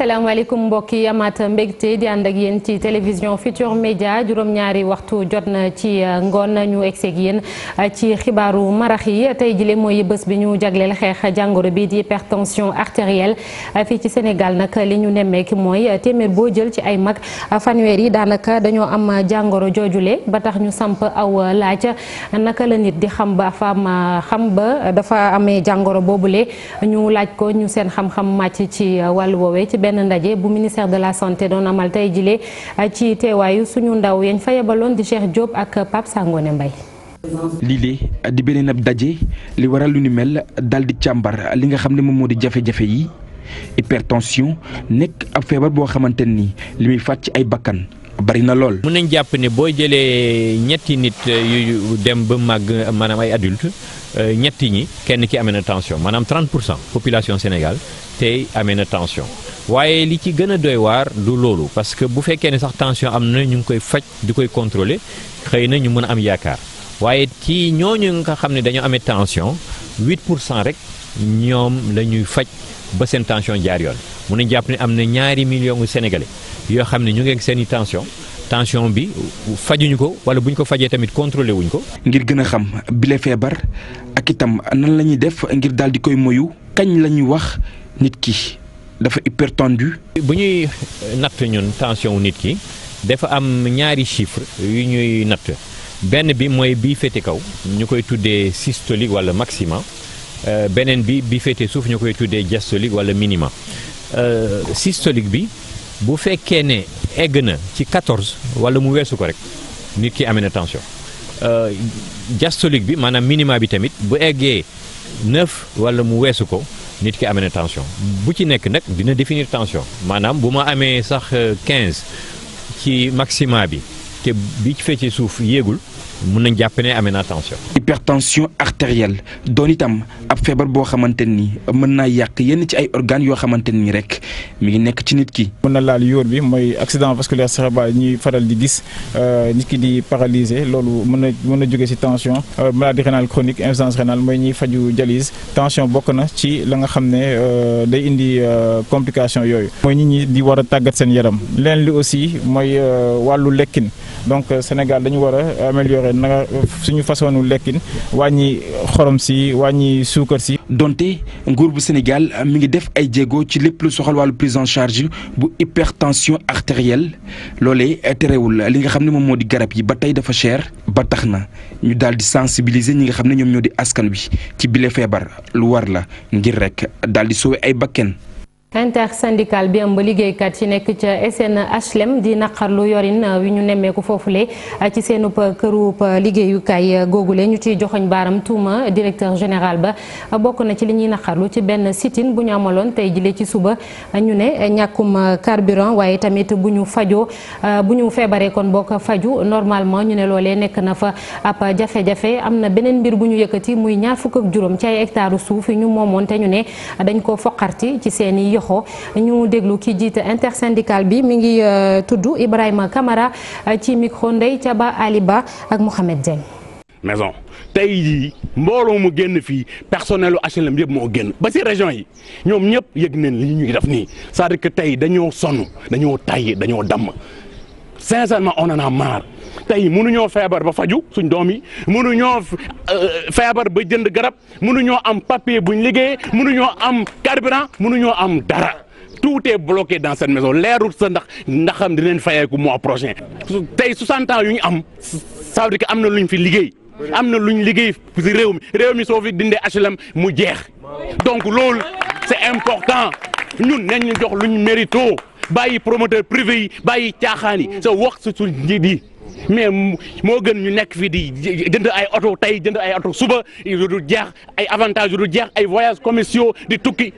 asalaamaaleykum mbokk yi amaat mbégte di ànd ak yéen ci télévision Futur Média juróom-ñaari waxtu jot na ci uh, ngoon ñu egseeg yéen uh, ci xibaaru marax yi tey jile mooy bés bi ñu jagleel xeex jàngoro bi di hypertension artérielle uh, fii ci Sénégal nag li ñu nemmeek mooy téeméer boo jël ci ay mag fanweer yi daanaka dañoo am jàngoro joojule ba tax ñu samp aw laaj naka la nit di xam ba faam xam ba dafa amee jàngoro boobule ñu laaj ko ñu seen xam-xam màcc ci wàll woowee benn ndaje bu ministère de la santé doon amal tey jilee eh, ci teewaayu suñu ndaw yañ fa yebaloon di Cheikh Diop ak Pape Sangone Mbaye lii de di beneen ab daje li waral lu ni mel dal di càmbar li nga xam ne moom moo di jafe-jafe yi hypertension nekk ab feebar boo xamante ni li muy faat ay bakkan bari na lool. mun nañ jàpp ne boo jëlee ñetti nit eh, yu dem ba màgg maanaam ay adulte eh, ñetti ñi kenn ki amee na tension maanaam 30 pour cent population Sénégal tey amee na tension. waaye li ci gën a doy waar du loolu parce que bu fekkee ne sax tension am na ñu ngi koy faj di koy contrôler xëy na ñu mën a am yaakaar waaye ci ñooñu nga xam ne dañoo amee tension 8 pour cent rek ñoom la faj ba seen tension jaar yoon mun nañ jàpp ne am na ñaari million gu sénégalais yoo xam ne ñu ngi seen i tension bi fajuñu ko wala bu ñu ko fajee tamit contrôlé wuñ ko. ngir gën a xam bile feebar ak itam nan la ñuy def ngir daal di koy moyu kañ la wax nit ki. dafa hypertendu. bu ñuy natt ñun tension nit ki dafa am ñaari chiffre yu ñuy natt benn bi mooy bii féete kaw ñu koy tuddee systolique wala maxima euh, beneen bi bi féete suuf ñu koy tuddee diastolique wala minima euh, systolique bi bu fekkee ne egg na ci 14 wala mu weesu ko rek nit ki amee na tension euh, diastolique bi maanaam minima bi tamit bu eggee 9 wala mu weesu ko. nit ki amee na tension bu ci nekk nag dina définir tension maanaam bu ma amee sax euh, quinze ci maxima bi te bi ci feccee suuf yéegul mun nañ jàpp ne amee naa tension. hypertension artérielle doon itam ab feebar boo xamante ni mën naa yàq yenn ci ay organes yoo xamante ni rek mu ngi nekk ci nit ki. mën na laal yóor bi mooy accident vasculaire cérébral ñuy faral di gis euh, nit ki di paralysé loolu mën na mën na jóge si tension euh, maladie rénale chronique insuffisance rénale mooy ñuy faju dialyse tension bokk na ci la nga xam ne euh, day indi complication yooyu. mooy nit ñi di war a tàggat seen yaram leen li mooy wàllu lekkin na suñu façon façonu lekkin wàññi xorom si wàññi suukar si. donte nguur bu Sénégal mi ngi def ay jéego ci lépp lu soxal wàllu prise en charge bu hypertension artérielle loolee terewul li nga xam ne moom moo di garab yi ba tey dafa cher ba tax na ñu daal di sensibiliser ñi nga xam ne ñoom ñoo di askan wi ci bile feebar lu war la ngir rek daal di sauver ay bakken intersyndicale bi ëmb liggéeykat yi nekk ca SNHLM di naqarlu yorin uh, wi ñu nemmeeku le uh, ci seenub uh, këru liggéeyukaay googule ñu ciy joxoñ baaram tuuma directeur général ba bokk na ci li ñuy naqarlu ci benn sitin bu ñu amaloon tey jile ci suba ñu ne ñàkkum carburant waaye tamit bu ñu fajoo bu ñu feebaree kon bokk faju normalement ñu ne loolee nekk na fa ab am na beneen mbir bu ñu yëkkati muy ñaar fukk juróom ci ay hectare suuf yi ñu moomoon te ñu ne dañ ko foqarti ci seen i Diokho ñu déglu ki jiite intersyndical bi mu ngi euh, tudd Ibrahima Kamara euh, ci micro Ndeye Thiaba Ali Ba ak Mouhamed Dieng. maison tey jii mbooloo mu génn fii personnel u HLM moo génn ba si région yi ñoom ñëpp yëg nañ li ñuy def nii cest à tey dañoo sonn dañoo tayyi dañoo damm sincèrement on en tey mënuñoo feebar ba faju suñ doom yi mënuñoo euh, feebar ba jënd garab mënuñoo am papier buñ liggéeyee mënuñoo am carburant mënuñoo am dara tout est bloqué dans cette maison leerul sa ndax ndaxam dinañ fayeeku mois prochain tey 60 yu ñu am ça veut dire am na luñ fi liggéey am na luñ liggéey si réew mi réew mi soo fi dindee HLM mu jeex donc loolu c'est important ñun nañ ñu jox luñ mérito bàyyi promoteur privé yi bàyyi caaxaan yi sa wax su suñ njiit mais moo gën ñu nekk fii di jënd ay oto tey jënd ay oto suba yu du jeex ay avantages yu du jeex ay voyages commerciaux di tukki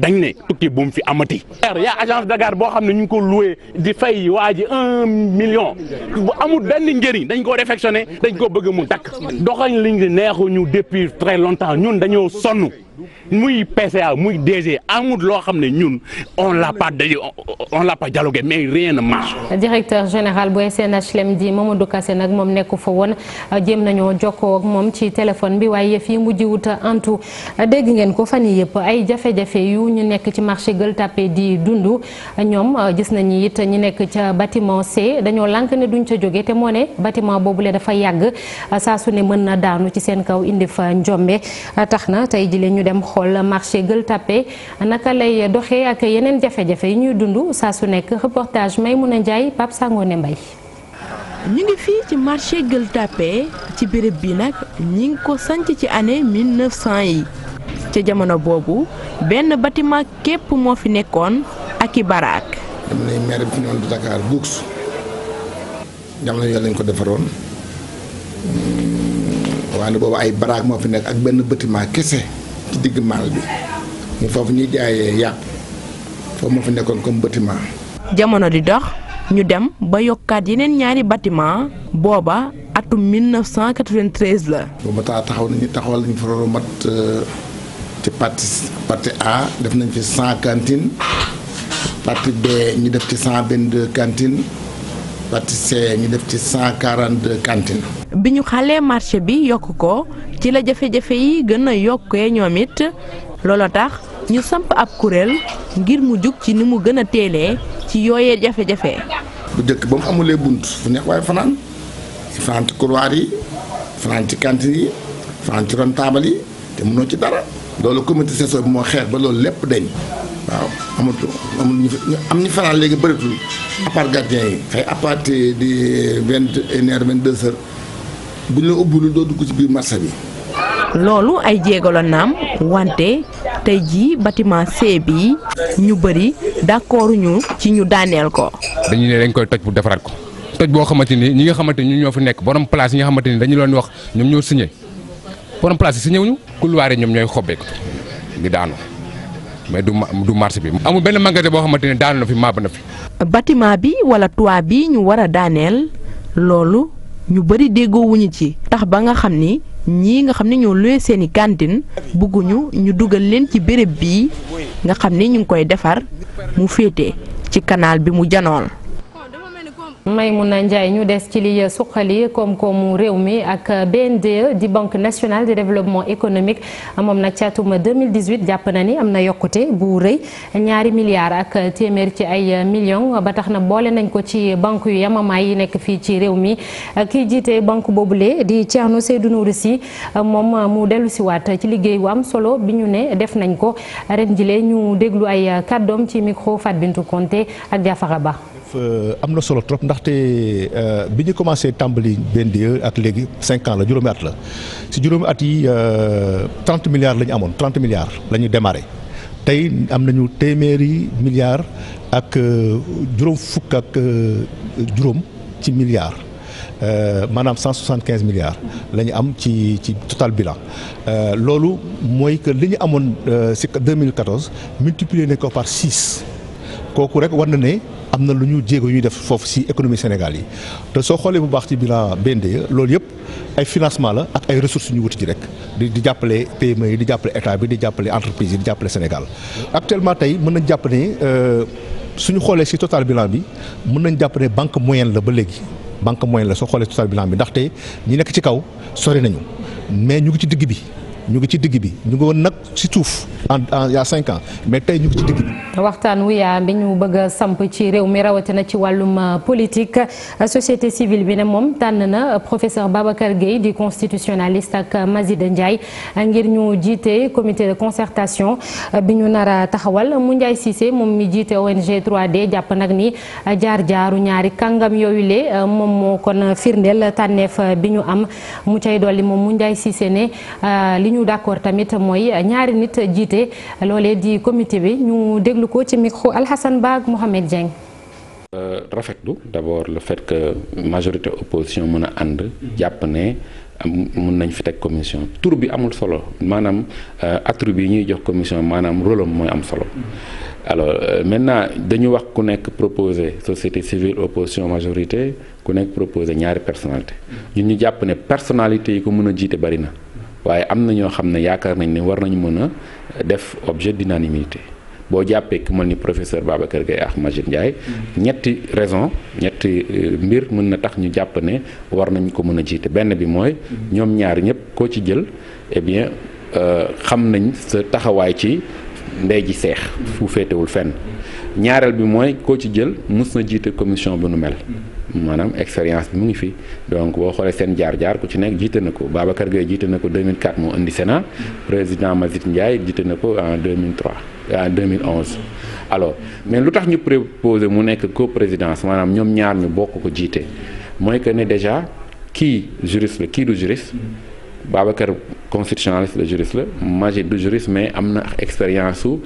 dañ ne tukki bu mu fi amati. yaa agence de gare boo xam ne ñu ngi ko loué di fay waa ji un million bu amul benn njëriñ dañ ko réfectionné dañ ko bëgg mu dakk doxañ liñ di neexu ñu depuis très longtemps ñun dañoo sonn. muy PCA muy loo xam ne ñun on l'a pas on l'a pas dialogué mais rien ne directeur général bu SNHLM di Mamadou kase nag moom nekku fa woon jéem nañoo jokkoo ak moom ci téléphone bi waaye fii mujj entu antu dégg ngeen ko fan yii yëpp ay jafe-jafe yu ñu nekk ci marché Gueule Tapée di dund ñoom euh, gis nañu it ñu nekk ca bâtiment C dañoo lànk ne duñ ca jóge te moo ne boobu boobule dafa yàgg saa su ne mën na daanu ci seen kaw indi fa njombe dem xool marché Gueule Tapée naka lay doxee ak yeneen jafe-jafe yi ñuy dund saa su nekk reportage Maymouna Ndiaye Pape Sangone Mbaye ñu ngi fii ci marché Gueule Tapée ci béréb bi nag ñi ngi ko sanc ci année 1900 yi ca jamono boobu benn bâtiment képp moo fi nekkoon ak i baraak. dama ne maire bi fi ñëwoon Dakar Bouks jamono yooyu lañ ko defaroon waaye boobu ay baraak moo fi nekk ak benn bâtiment kese. ci digg maal bi mu foofu ñuy jaayee yàpp foofu moo fi nekkoon comme batiment jamono di dox ñu dem ba yokkaat yeneen ñaari bâtiment booba atum 1993 la. booba taa taxaw nañu taxawal nañu fa loolu mat euh, ci parti parti A def nañ ci 100 cantines parti B ñu def ci cent 122 quantine pâtissier ñu def ci cent quarante deux cantines. bi ñu xalee marché bi yokk ko ci la jafe-jafe yi gën a yokkee ñoom it looloo tax ñu samp ab kuréel ngir mu jug ci ni mu gën a teelee ci yooyee jafe-jafe. bu jëkk ba mu amulee bunt fu neex waaye fanaan fanaan ci couloir yi fanaan ci cantine yi fanaan ci ron taabal yi te mënoo ci dara. loolu comité saison bi moo xeex ba loolu lépp dañ. waaw amatul amul ñu am ñu fanaan léegi bëritul à part gardien yi xëy à part di vingt une heure bu ñu la ubbulu doo dugg ci biir marché bi loolu ay jéego la naam wante tey jii bâtiment C bi ñu bëri d'accord ñu ci ñu daaneel ko. dañu ne dañ koy toj pour defaraat ko toj boo xamante ni ñi nga xamante ni ñoo fi nekk borom place yi nga xamante ni dañu leen wax ñoom ñoo signé borom place yi signé wuñu yi ñoom ñooy xobbeeku di daanu. mais du du marché bi amul benn magasin boo xamante ne daanu na fi maab na fi. bâtiment bi wala toit bi ñu war a daaneel loolu ñu bëri déggoo ci tax ba nga xam ni ñi nga xam ne ñoo luye seen i cantine bugguñu ñu dugal leen ci béréb bii nga xam ni ñu ngi koy defar mu féete ci kanaal bi mu janool Maimouna Ndiaye ñu des ci li suqali koom-koomu réew mi ak BNDE di banque nationale de développement économique moom nag ci atum 2018 jàpp na ni am na yokkute bu rëy ñaari milliards ak téeméer ci ay millions ba tax na boole nañ ko ci banque yu yamamaay yi nekk fii ci réew mi kiy jiite banque boobule di Thierno Seydou Nourou si moom mu dellu siwaat ci liggéey wu am solo bi ñu ne def nañ ko ren jile ñu déglu ay kàddoom ci micro Fat Bintou Conté ak Diafara Ba Euh, am na solo trop ndaxte euh, bi ñu commencé tàmbali BNDE ak léegi cinq ans la juróomi at la si juróomi at yi euh, trente milliards la ñu amoon trente milliards la ñu démarré tey am nañu téeméeri milliards ak juróom fukk juróom ci milliards. maanaam cent soixante quinze milliards la ñu am ci ci total bilan loolu mooy que li ñu amoon si 2014 multiplier nañ ko par six kooku rek war na ne am na lu ñu jéego ñuy def foofu ci économie Sénégal yi te soo xoolee bu baax ci bilan BNDE loolu yëpp ay financement la ak ay ressources ñu wuti ci rek di jàppale PME yi di jàppale état bi di jàppale entreprise yi di jàppale Sénégal actuellement tey mën nañ jàpp ne euh, suñu xoolee si total bilan bi mën nañ jàpp banque moyenne la ba léegi banque moyenne la soo xoolee total bilan bi ndaxte ñi nekk ci kaw sori nañu mais ñu ngi ci digg bi ñu ci digg bi en en il y cinq ans mais tey ñu ngi ci digg waxtaan wu yaa ah, bi ñu bëgg samp ci réew mi rawatina ci wàllum ah, politique société civile bi ne moom tànn na professeur Babacar Gueye di constitutionnaliste ak ah, Mazida Ndiaye ngir ñu jiite comité de concertation bi ñu nar a taxawal mu Ndiaye Cissé moom mi jiite ONG 3D jàpp nag ni jaar-jaaru ñaari kàngam yooyu le moom moo kon firndeel tànneef bi ñu am mu cay dolli moom mu Ndiaye Cissé ne li ñu d'accord tamit mooy ñaari jiite loolee di comité bi ñu déglu ko ci micro Alhassane Ba ak Mohamed Dieng. Euh, rafetlu d'abord le fait que majorité opposition mën a ànd jàpp ne mun nañ fi teg commission tur bi amul solo maanaam euh, attribut yi ñuy jox commission maanaam rôle mooy am solo alors euh, maintenant dañu wax ku nekk proposé société civile opposition majorité ku nekk proposé ñaari personnalité ñun ñu jàpp ne personnalité yi ko mën a jiite bari na waaye am na ñoo xam ne yaakaar nañ ne war nañu mën a def objet d'unanimité boo jàppee ku mel ni professeur kër Gueye ak Majid Ndiaye mm-hmm. ñetti raison ñetti euh, mbir mën na tax ñu jàpp ne war nañ ko mën a jiite benn bi mooy mm-hmm. ñoom ñaar ñëpp koo ci jël eh bien euh, xam nañ sa taxawaay ci ndey ji seex mm-hmm. fu féetewul fenn ñaareel bi mooy koo ci jël mus na jiite commission bu nu mel. maanaam expérience bi mu ngi fi donc boo xoolee seen jaar-jaar ku ci nekk jiite na ko baaba kër Gueye jiite na ko 2004 moo indi Sénat président Mazit Ndiaye jiite na ko en 2003 en 2011. alors mais lu tax ñu proposé mu nekk coprésidence maanaam ñoom ñaar ñu bokk ko jiite mooy que ne déjà kii juriste la kii du juriste. Babacar constitutionnaliste la juriste la magit du juriste mais am na expérience su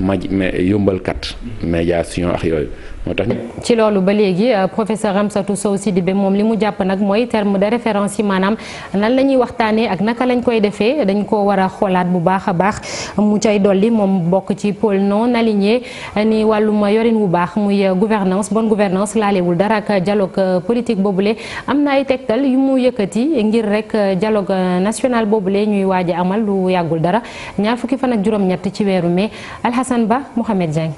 maj mais yombalkat médiation ak yooyu moo ci loolu ba léegi euh, professeur Ramsatou Sow Sidibé moom li mu jàpp nag mooy terme de référence yi maanaam nan la ñuy waxtaanee ak naka lañ koy defee dañ ko war a xoolaat bu baax a baax mu cay dolli moom bokk ci pôle non aligné euh, ni wàllum yorin bu baax muy euh, gouvernance bonne gouvernance laalewul dara ak dialogue politique boobule am na ay tegtal yu mu yëkkati ngir rek dialogue national boobule ñuy waaj amal lu yàggul dara ñaar fukki fan ak juróom-ñett ci weeru mai Alhassane Ba Mohamed Diagne.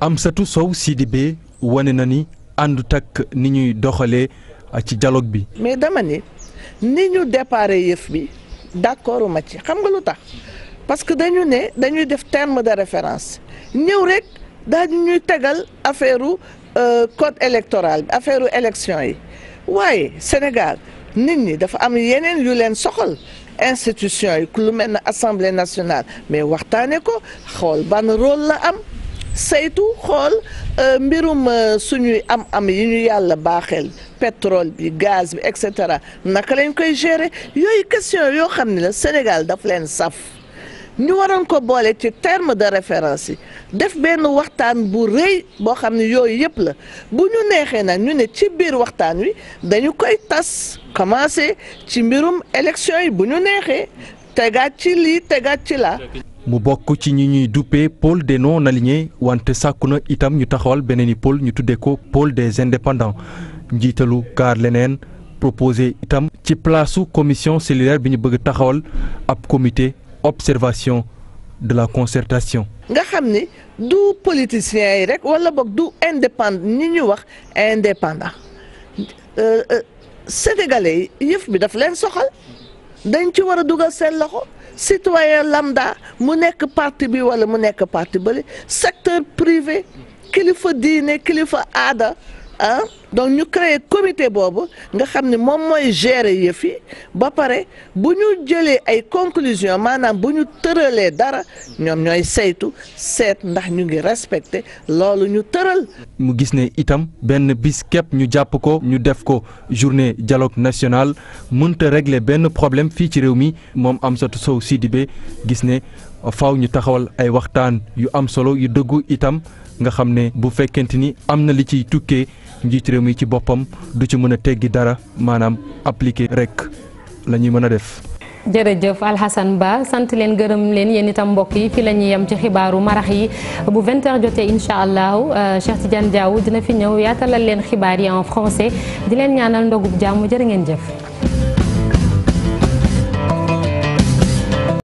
Amsatou Sow Sidibé wane na ni ànd takk ni ñuy doxalee ci dialogue bi. mais dama ne ni ñu déparé yëf bi d'accord ma ci xam nga lu tax parce que dañu ne dañuy def terme de référence ñëw rek daal ñuy tegal affaire euh, code électoral bi affaire élection yi waaye Sénégal nit ñi dafa am yeneen yu leen soxal institution yi lu mel ne assemblée nationale mais waxtaane ko xool ban rôle la am saytu xool euh, mbirum euh, suñuy am am yu ñu yàlla baaxeel pétrole bi gaz bi et cetera naka lañ koy gérer yooyu question yoo xam ne la Sénégal daf leen saf ñu waroon ko boole ci terme de référence yi def benn waxtaan bu rëy boo xam ne yooyu yëpp la bu ñu neexee nag ñu ne ci biir waxtaan wi dañu koy tas commencé ci mbirum élection yi bu ñu neexee tegaat ci lii tegaat ci laa. mu bokk ci ñi ñuy duppee pôle des non-alignés wante sàkku na itam ñu taxawal beneen i pôle ñu tuddee ko pôle des indépendants njiitalu kaar leneen proposé itam ci placeu commission cellulaire bi ñu bëgg taxawal ab comité observation de la concertation. nga xam ni du politiciens yi rek wala boog du indépendant ñi ñu wax indépendant euh, euh, sénégalais yi yëf bi daf leen soxal dañ ci war a dugal seen loxo citoyen lambda mu nekk parti bi wala mu nekk parti bële secteur privé kilifa diine kilifa aada donc ñu créer comité boobu nga xam ne moom mooy gérer yëf yi ba pare bu ñu jëlee ay conclusion maanaam bu ñu tëralee dara ñoom ñooy saytu seet ndax ñu ngi respecté loolu ñu tëral. mu gis ne itam benn bis ñu jàpp ko ñu def ko journée dialogue national mënta réglé benn problème fii ci réew mi moom am Amsatou Sow Sidibé gis ne faw ñu taxawal ay waxtaan yu am solo yu dëggu itam nga xam ne bu fekkente ni am na li ciy tukkee. njiit réew ci boppam du ci mën a teggi dara maanaam appliquer rek la ñuy mën a def. jërëjëf Alhassane Ba sant leen gërëm leen yéen itam mbokk yi fi lañuy ñuy ci xibaaru marax yi bu vingt h jotee incha allahu euh, Cheikh Tidiane Diaw dina fi ñëw yaatalal leen xibaar yi en français di leen ñaanal ndogub jàmm jërë ngeen jëf.